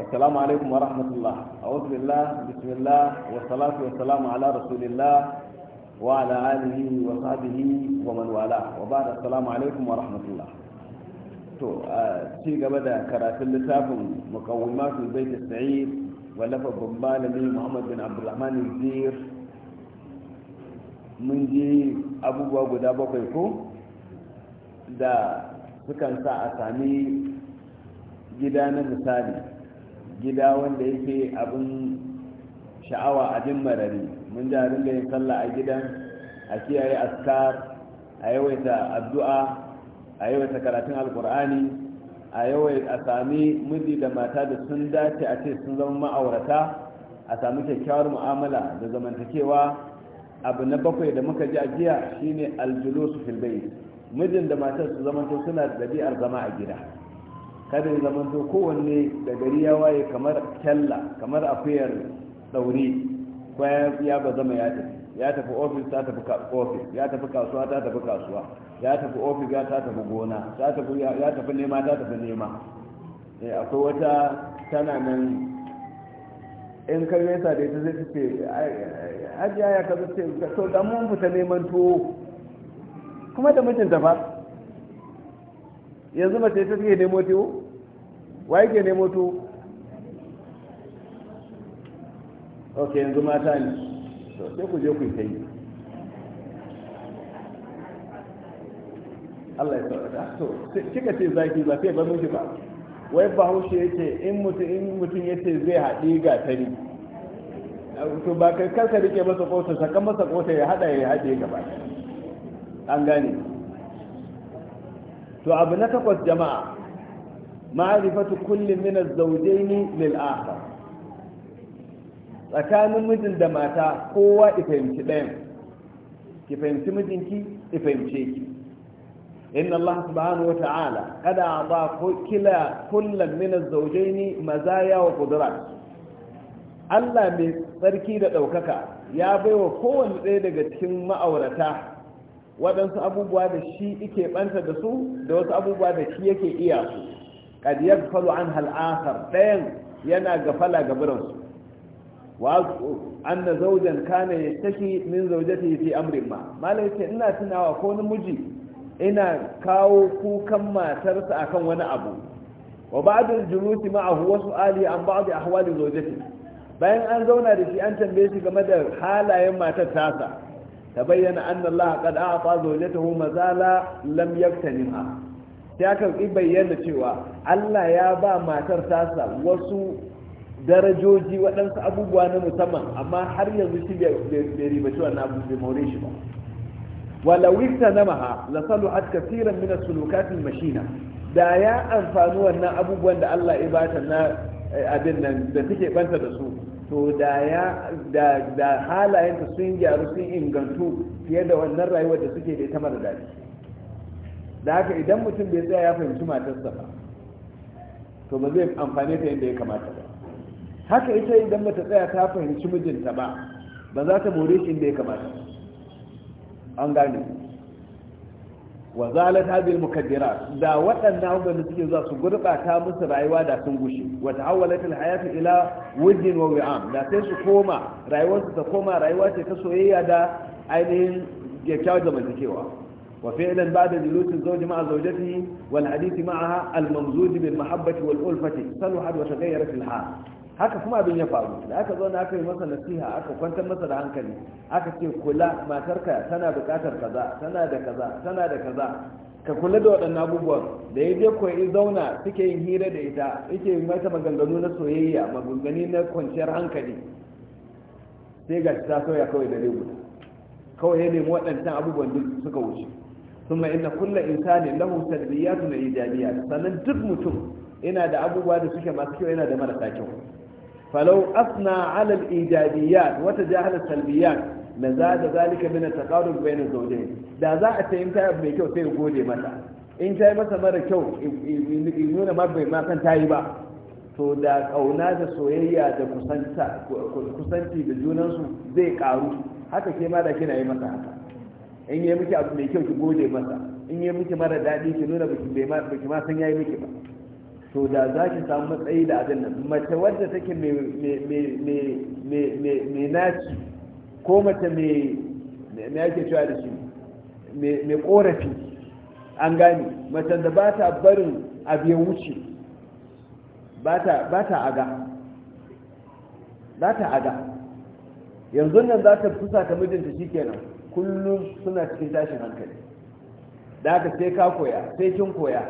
السلام عليكم ورحمة الله أعوذ بالله بسم الله والصلاة والسلام على رسول الله وعلى آله وصحبه ومن والاه وبعد السلام عليكم ورحمة الله to a ci gaba da karatun littafin muqawwimatul bait sa'id wallafa babbalami Muhammad bin Abdulrahman Zir mun ji abubuwa guda bakwai ko da sukan sa a sami gida na misali gida wanda yake abin sha'awa a jin marari mun ji a ringa yin sallah a gidan a kiyaye askar a yawaita addu'a a yawaita karatun alkur'ani a yawaita a sami miji da mata da sun dace a ce sun zama ma'aurata a sami kyakkyawar mu'amala da zamantakewa abu na bakwai da muka ji a jiya shine aljulusu filbai mijin da matar su zamanto suna da ɗabi'ar zama a gida kada ya zama to kowanne da gari ya waye kamar kyalla kamar akuyar dauri ko ya ba zama ya tafi ya tafi ofis ta tafi ofis ya tafi kasuwa ta tafi kasuwa ya tafi ofis ya ta tafi gona ta tafi ya tafi nema ta tafi nema eh akwai wata tana nan in kai yasa dai ta zai tafi hajiya ya kaza ce to dan mun fita neman to kuma da mijinta ba yanzu mace ta take nemo tuwo wa yake ne moto ok yanzu mata ne to sai ku je ku yi ta yi Allah ya saurata to kika ce zaki ba sai ba miki ba wai bahaushe yace in mutum in mutum yace zai haɗi tari? to ba kai kanka rike masa kosa saka masa kosa ya haɗa ya haɗe gaba an gane to abu na takwas jama'a ma'arifatu kullum min az-zawjayn lil tsakanin mijin da mata kowa ya fahimci ɗayan ki fahimci mijinki ki ki inna Allah subhanahu wa ta'ala kada ba kila kullum min az maza mazaya wa Allah mai tsarki da ɗaukaka ya baiwa kowanne ɗaya daga cikin ma'aurata waɗansu abubuwa da shi ike ɓanta da su da wasu abubuwa da shi yake iya su qad yaghfalu anha al-akhar dayan yana gafala ga biransu wa anna zawjan kana yashtaki min zawjatihi fi amrin ma malai ce ina tunawa ko namiji ina kawo kukan matarsa akan wani abu wa ba'da julusi ma'ahu wa su'ali an ba'd ahwali zawjatihi bayan an zauna da shi an tambaye shi game da halayen matar tasa تبين أن الله قد أعطى زوجته مزالا لم يغتنمها تاكل إبين تشوى Allah ya ba matar tasa wasu darajoji waɗansu abubuwa na musamman amma har yanzu shi bai ribaci wannan abu bai more shi ba Wala na maha la saluhat kaseeran min as sulukatin mashina da ya amfani wannan abubuwan da Allah ya bata na eh, abin nan da suke banta da su to da ya da da halayenta sun gyaru sun ingantu fiye da wannan rayuwar da suke da ita mara daɗi da haka idan mutum bai tsaya ya fahimci matarsa ba to ba zai amfane ta yadda ya kamata ba haka ita idan mata tsaya ta fahimci mijinta ba ba za ta more shi inda ya kamata an gane wa zala ta bil mukaddira da waɗannan abubuwan da suke zuwa su gurɓata musu rayuwa da sun gushe wa ta'awalat al-hayatu ila wujin wa wi'am da sai su koma rayuwarsu ta koma rayuwa ce ta soyayya da ainihin kyakkyawar zamantakewa وفعلا بعد جلوس الزوج مع زوجته والحديث معها الممزوج بالمحبة والألفة صلحت وتغيرت الحال haka kuma abin ya faru da aka zo na aka yi masa nasiha aka kwantar masa da hankali aka ce kula matarka tana bukatar kaza tana da kaza tana da kaza ka kula da waɗannan abubuwan da ya je koyi zauna suke yin hira da ita yake mata maganganu na soyayya maganganu na kwanciyar hankali sai ga ta soya kawai da guda kawai ya nemi waɗancan abubuwan duk suka wuce ثم ان كل انسان له na وايجابيات Sannan duk mutum ina da abubuwa da suke masu kyau ina da marasa kyau falau asna ala alijabiyat wa tajahala alsalbiyat la zada zalika min ataqarub bain zawjayn da za a tayin ta abu mai kyau sai gode mata in tayi masa mara kyau in nuna ma bai ma kan ba to da kauna da soyayya da kusanta kusanci da junansu zai karu haka ke ma da kina yi masa haka in yi miki abu mai kyau ki gode masa in yi miki mara daɗi ki nuna baki ma san yayi miki ba to da za ki samu matsayi da abin nan mace wadda take mai naci ko mace mai ake cewa da shi mai korafi an gane mace da ba ta barin abu ya wuce ba ta aga ba ta aga yanzu nan za ta fusa ta mijinta shi kenan kullum suna cikin tashin hankali da haka sai ka koya sai kin koya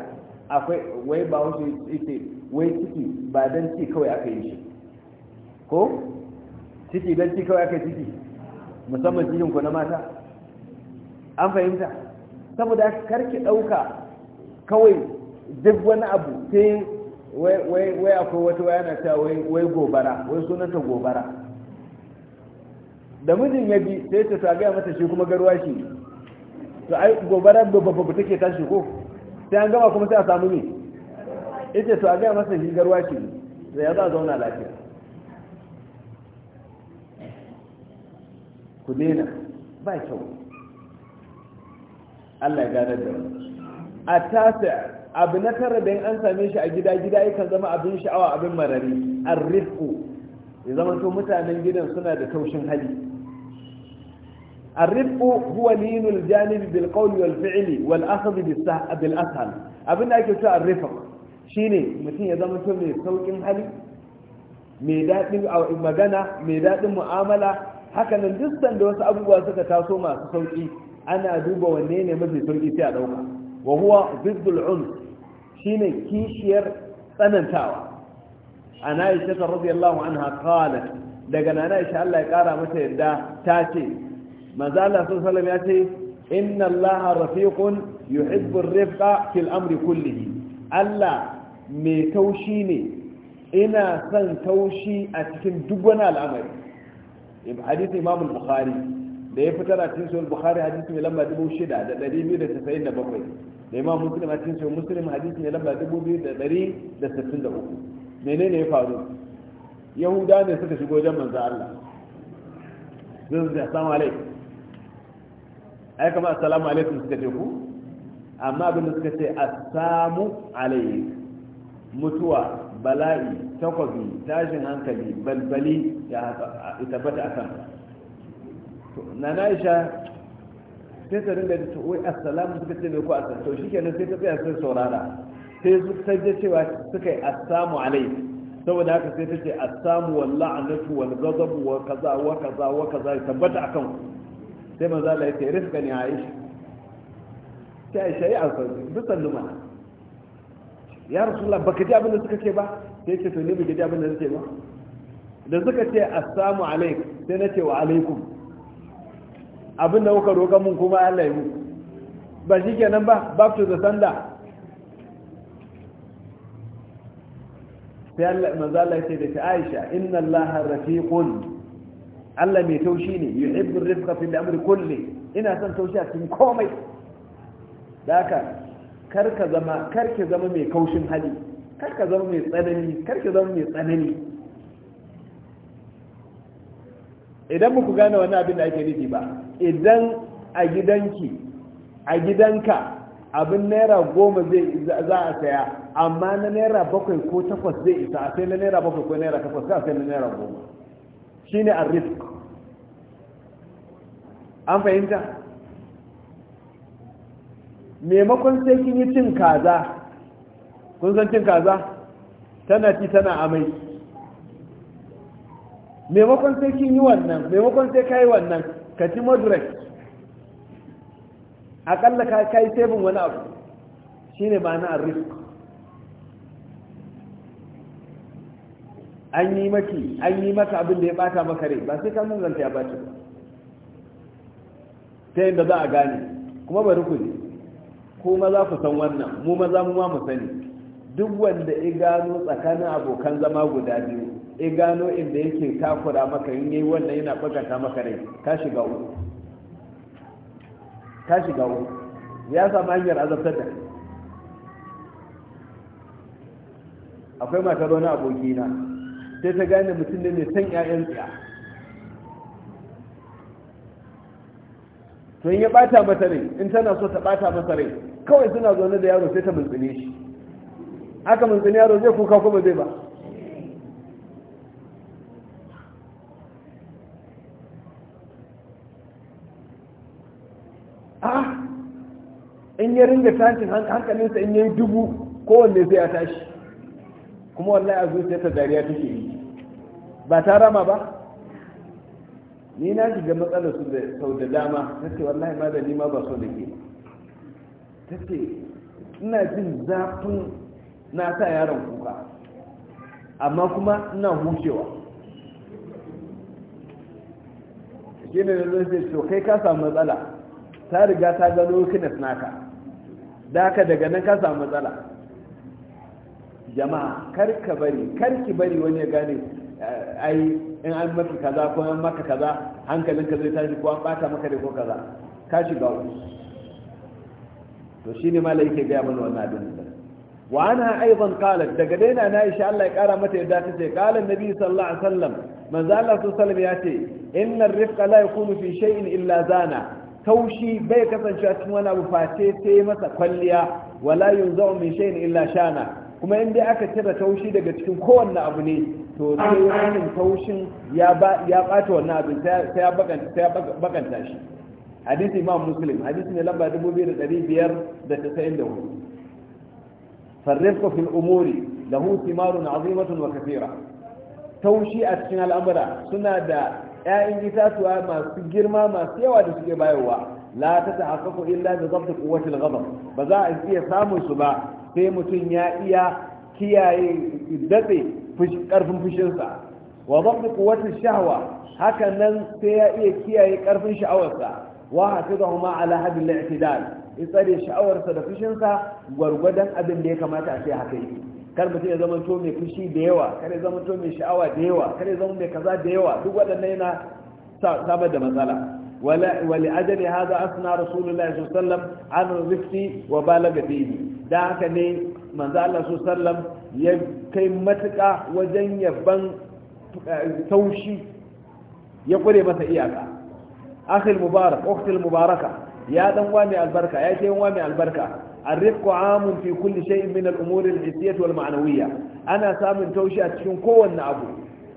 akwai wai ba wasu ita wai ciki ba don ci kawai aka yi shi ko ciki don ci kawai aka yi ciki musamman cikin ku na mata an fahimta saboda karki ɗauka kawai duk wani abu sai wai akwai wata wayana ta wai gobara wai sunanta gobara da mijin ya bi sai ta tagaya mata shi kuma garwa shi to ai gobara babba take tashi ko sai an gama kuma sai a samu ne ita to a gaya masa shi garwa shi da ya za zauna lafiya ku dena ba kyau Allah ya gane da a tasa abu na tara da an same shi a gida gida yakan zama abin sha'awa abin marari ar-rifqu ya zama to mutanen gidan suna da taushin hali arrifu huwa linul janibi bil qawli wal fi'li wal akhdh bis ashal abin da ake cewa arrifa shine mutum ya zama to mai saukin hali mai dadin magana mai dadin mu'amala haka nan dukkan wasu abubuwa suka taso masu sauki ana duba wanne ne mafi sauki sai a ɗauka wa huwa ziddul shine kishiyar tsanantawa an aisha radiyallahu an qalat daga nana aisha Allah ya ƙara mata yadda ta ce maza Allah sallallahu alaihi ya ce inna Allah rafiqun yuhibbu ar-rifqa fil amri kullihi Allah mai taushi ne ina son taushi a cikin duk wani al'amari hadisi Imam al Bukhari da ya fitar a cikin sahih Bukhari hadisi mai lamba 6297 da Imam Muslim a cikin sahih Muslim hadisi mai lamba 2263 menene ya faru yahuda ne suka shigo wajen manzo Allah zan zai assalamu alaikum ai kuma assalamu alaikum suka ce ku amma abin da suka ce assalamu alaikum mutuwa bala'i takwabi tashin hankali balbali ya tabbata a kan na na'isha sai ta ringa da wai assalamu suka ce mai ku assalamu to shi kenan sai ta tsaya sai saurara sai su je cewa suka yi assamu alai saboda haka sai ta ce assamu wal la'natu wal ghadabu wa kaza wa kaza wa kaza tabbata akan ku sai manzo Allah ya ce rifka ni Aisha ta Aisha ya alfa bisan lumana ya rasulullah baka ji abin da suka ce ba sai ce to ni baka ji abin da suke ba da suka ce assamu alaik sai na ce wa alaikum abin da kuka roƙa mun kuma Allah ya yi ba shi kenan ba back to the sender sai manzo Allah ya ce da Aisha inna Allaha rafiqun Allah mai taushi ne yuhibbu rifqa fil amri kulli ina son taushi a cikin komai da haka kar ka zama kar zama mai kaushin hali kar ka zama mai tsanani kar zama mai tsanani idan muku gane wani abin da ake nufi ba idan a gidanki a gidanka abin naira goma zai za a saya amma na naira bakwai ko takwas zai isa a sai na naira bakwai ko naira takwas ka sai na naira goma shi ne a risk an fahimta maimakon sai kin yi cin kaza kun san cin kaza tana ci tana amai maimakon sai kin yi wannan maimakon sai ka yi wannan ka ci madurai akalla ka yi sabon wani abu shi ne ma'ana a risk an yi maki an yi maka abin da ya bata maka rai ba sai ka mun zanta ya bata ba ta yadda za a gane kuma bari ku ne ko maza ku san wannan mu maza mu ma mu sani duk wanda ya gano tsakanin abokan zama guda biyu ya gano inda yake takura maka in yayi wannan yana bakata maka rai ka shiga uku ka shiga uku ya samu hanyar azabtar da akwai matar wani abokina sai ta gane mutum ne mai san 'ya'yan tsiya to in ya bata mata rai in tana so ta bata masa rai kawai suna zaune da yaro sai ta mintsine shi aka mintsine yaro zai kuka kuma zai ba ah! in ya ringa tashin hankalinsa in ya yi dubu kowanne zai ya tashi kuma wallahi a zuciya ta dariya take yi ba ta rama ba ni na shiga matsalar su da sau da dama ta ce wallahi ma da ni ba so da ke ta ce ina jin zafin na sa yaron kuka amma kuma ina hucewa shi ne da zai ce kai ka samu matsala ta riga ta gano kinas naka da ka daga nan ka samu matsala jama'a kar ka bari kar ki bari wani ya gane ai in an maka kaza ko an maka kaza hankalinka zai tashi ko an bata maka da ko kaza ka shiga uku to shi shine malai ke gaya mana wannan abin da wa ana aidan qalat daga daina na insha Allah ya kara mata yadda tace qala annabi sallallahu alaihi wasallam manzo Allah sallallahu alaihi wasallam ya ce inna ar-rifqa la yakunu fi shay'in illa zana taushi bai kasancewa cikin wani abu face sai masa kwalliya wala yunzau min shay'in illa shana kuma in dai aka cire taushi daga cikin kowanne abu ne to sai wannan kaushin ya ɓata wannan abin sai ya bakanta shi hadisi imam muslim hadisi ne lamba 2594 farrifka fil umuri lahu timarun azimatun wa kafira taushi a cikin al'amura suna da 'ya'yan itatuwa masu girma masu yawa da suke bayarwa la ta tahaqqaqu illa bi dhabt quwwati al ba za a iya samun su ba sai mutum ya iya kiyaye datse karfin fushinsa wa zafi kuwatin shahwa haka nan sai ya iya kiyaye ƙarfin sha'awarsa wa hafizahu ma ala hadil i'tidal ya tsare sha'awarsa da fushinsa gwargwadon abin da ya kamata a ce haka yake kar mutum ya zama to mai fushi da yawa kar ya zama to mai sha'awa da yawa kar ya zama mai kaza da yawa duk waɗannan yana samar da matsala ولأجل هذا أثنى رسول الله صلى الله عليه وسلم wa الرفق وبالغ Da haka ne. manzo Allah su sallam ya kai matuƙa wajen yaban eh, taushi ya kure masa iyaka akhil mubarak ukhtil mubaraka ya dan wa mai albarka ya ce wa mai albarka الرفق عام في كل شيء من الأمور الحسية والمعنوية أنا سامن توشي أتشون كون أبو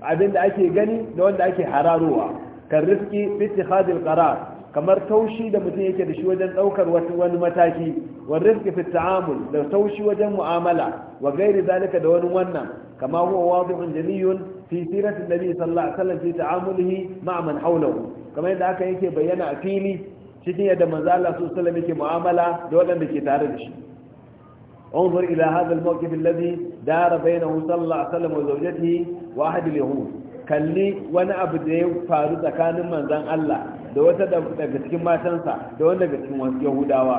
abin da ake gani da wanda ake hararowa kan riski fi ittikhadil qarar kamar taushi da mutum yake da shi wajen ɗaukar wani mataki wa rizki fi ta'amul da taushi wajen mu'amala wa gairi zalika da wani wannan kama huwa wadihun jamiyun fi sirati nabi sallallahu alaihi wasallam fi ta'amulihi ma'a man hawlahu kamar yadda haka yake bayyana a fili cikin yadda manzo Allah sallallahu alaihi wasallam yake mu'amala da waɗanda ke tare da shi انظر إلى هذا الموقف الذي دار بينه صلى الله عليه وسلم وزوجته واحد اليهود kalli wani abu da ya faru tsakanin manzan Allah da wata daga cikin matansa da wani daga cikin wasu yahudawa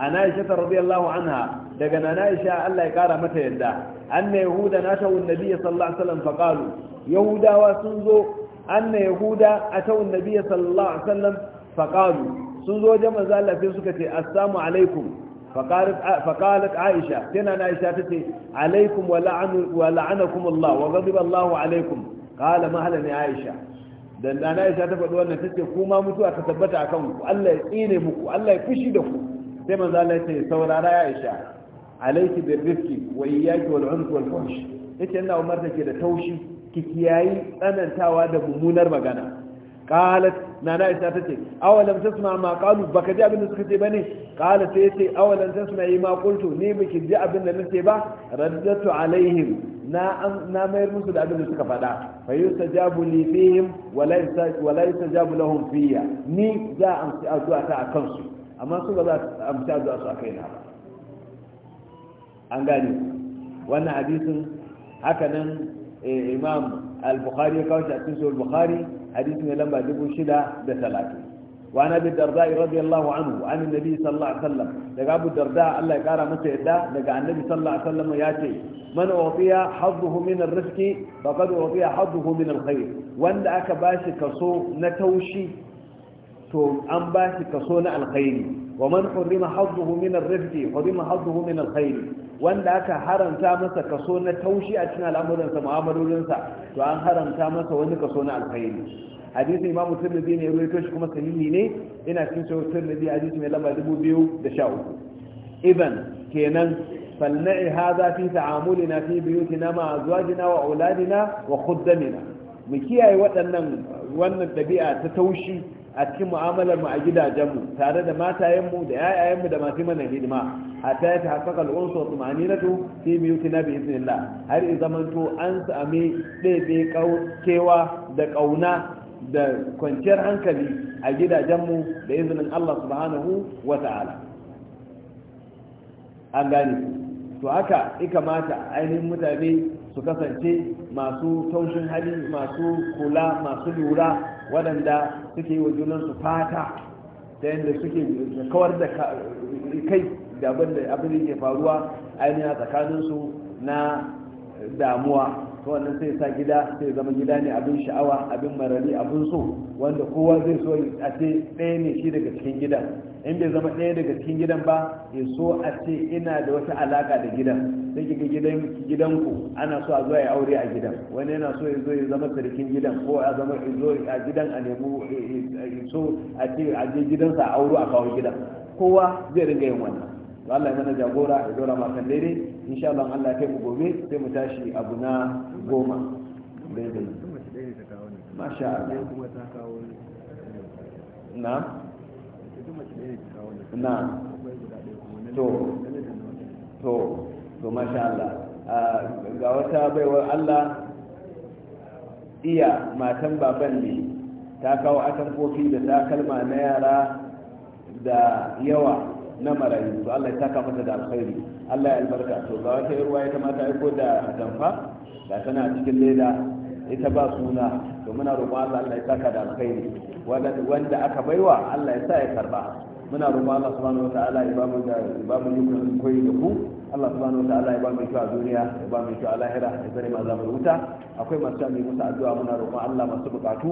an aisha ta radiyallahu anha daga nana aisha Allah ya kara mata yadda anna yahuda na ta wun nabiyyi sallallahu alaihi wasallam fa qalu yahudawa sun zo anna yahuda atawun nabiyyi sallallahu alaihi wasallam fa qalu sun zo da manzo Allah sai suka ce assalamu alaikum fa Aisha. Tana فقالت عائشة تنا عائشة wa عليكم ولعن ولعنكم الله وغضب الله عليكم قال مهلا يا Aisha. da nana isa ta faɗi wannan tace ku ma mutuwa ta tabbata akan ku Allah ya tsine muku Allah ya fushi da ku sai manzo Allah ya ce saurara ya Aisha alayki bi rizqi wa iyyaki wal unf wal fush yace ina umarta ke da taushi ki kiyayi tsanantawa da mummunar magana qalat nana isa ta ce awalam tasma ma qalu baka ji abin da suka ce ba bane qala sai yace awalam tasma ma qultu ni ba ki ji abin da nace ba raddatu alaihim na na mayar musu da abin da suka faɗa fa yustajabu li fihim wa ta jabu lahum fiya ni za a amsa addu'a ta a kansu amma su ba za a amsa addu'a su akai na ba an gane wannan hadisin haka nan eh, imam al-bukhari ya kawo shi a cikin al-bukhari hadisi mai lamba dubu shida da talatin wa na bi darda radiyallahu anhu an nabi sallallahu alaihi daga abu darda Allah ya kara masa yadda daga annabi sallallahu alaihi wasallam ya ce man utiya hadduhu min ar-rizqi faqad utiya hadduhu min wanda aka shi kaso na taushi to an ba shi kaso na alkhairi wa man hurrima hadduhu min ar-rizqi hurrima hadduhu min alkhairi wanda aka haramta masa kaso na taushi a cikin al'amuransa mu'amalolinsa to an haramta masa wani kaso na alkhairi hadisi imamu tirmidhi ne ruwaito shi kuma sahihi ne ina cikin sahih tirmidhi hadisi mai lamba 2013 idan kenan فلنعي هذا في تعاملنا Azwajina wa مع wa وأولادنا Mu مكياي waɗannan wannan ɗabi'a ta taushi a cikin mu'amalar mu a gidajen mu tare da matayen mu da mu da masu mana hidima hatta ya tahaqqaqa al-unsu na tumaninatu fi biyutina bi idhnillah har in zamanto an sami ɗebe kewa da ƙauna da kwanciyar hankali a gidajen mu da izinin Allah subhanahu wa ta'ala an gane to haka kamata ainihin mutane su kasance masu taushin hali masu kula masu lura waɗanda suke yi wa junansu fata ta yadda suke kawar da kai da abin da ke faruwa ainihin a tsakaninsu na damuwa to wannan sai sa gida sai zama gida ne abin sha'awa abin marari abin so wanda kowa zai so a ce ɗaya ne shi daga cikin gidan in bai zama ɗaya daga cikin gidan ba ya so a ce ina da wata alaka da gidan sai kika gidan gidanku ana so a zo ya aure a gidan wani yana so ya zo ya zama sarkin gidan ko a zama ya zo a gidan a nemo so a ce a je gidansa a auro a kawo gidan kowa zai ringa yin wannan to Allah ya mana jagora ya dora makan daidai insha Allah Allah ya kai mu gobe sai mu tashi abu na goma daidai masha Allah na na to to to masha Allah ga wata baiwar Allah iya matan baban ne ta kawo atamfofi da takalma na yara da yawa na marayu to Allah ya taka mata da alkhairi Allah ya albarka to ga wata ruwa ya ta aiko da damfa da tana cikin leda ita ba suna to muna roƙon Allah Allah ya taka da alkhairi wanda aka baiwa Allah ya sa ya karba muna roƙon Allah subhanahu wataala ya ba mu da ba mu yukun koyi da ku Allah subhanahu wataala ya bamu kyau a duniya ya bamu kyau a lahira ya zare ma zamu wuta akwai masu jami'i musu addu'a muna roƙon Allah masu bukatu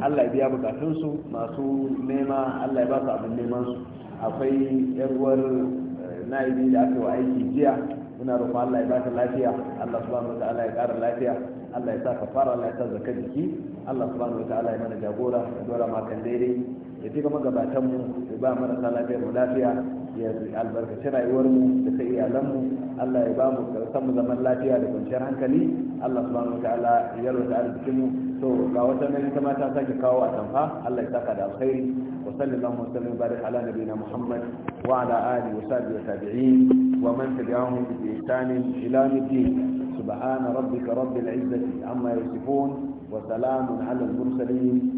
Allah ya biya bukatunsu masu nema Allah ya ba su abin neman su akwai yarwar eh, na'ibi da aka wa aiki jiya muna roƙon Allah ya ba ka lafiya Allah subhanahu ta'ala ya ƙara lafiya Allah ya sa ka fara Allah ya sa zakar jiki Allah subhanahu ta'ala ya mana jagora ya dora makan daidai ya fi kama gabatanmu mu ya ba marasa lafiyar mu lafiya ya rayuwar mu da ta iyalanmu Allah ya ba mu karsan mu zaman lafiya da kwanciyar hankali Allah subhanahu wa ta'ala ya rota arzikin mu to ga wata nan ita ma ta sake kawo a tamfa Allah ya saka da alkhairi wa sallallahu wa sallam barik ala nabiyina Muhammad wa ala alihi wa sahbihi wa tabi'in wa man tabi'ahum bi ihsan ila yawm سبحان ربك رب العزة wa يصفون وسلام على المرسلين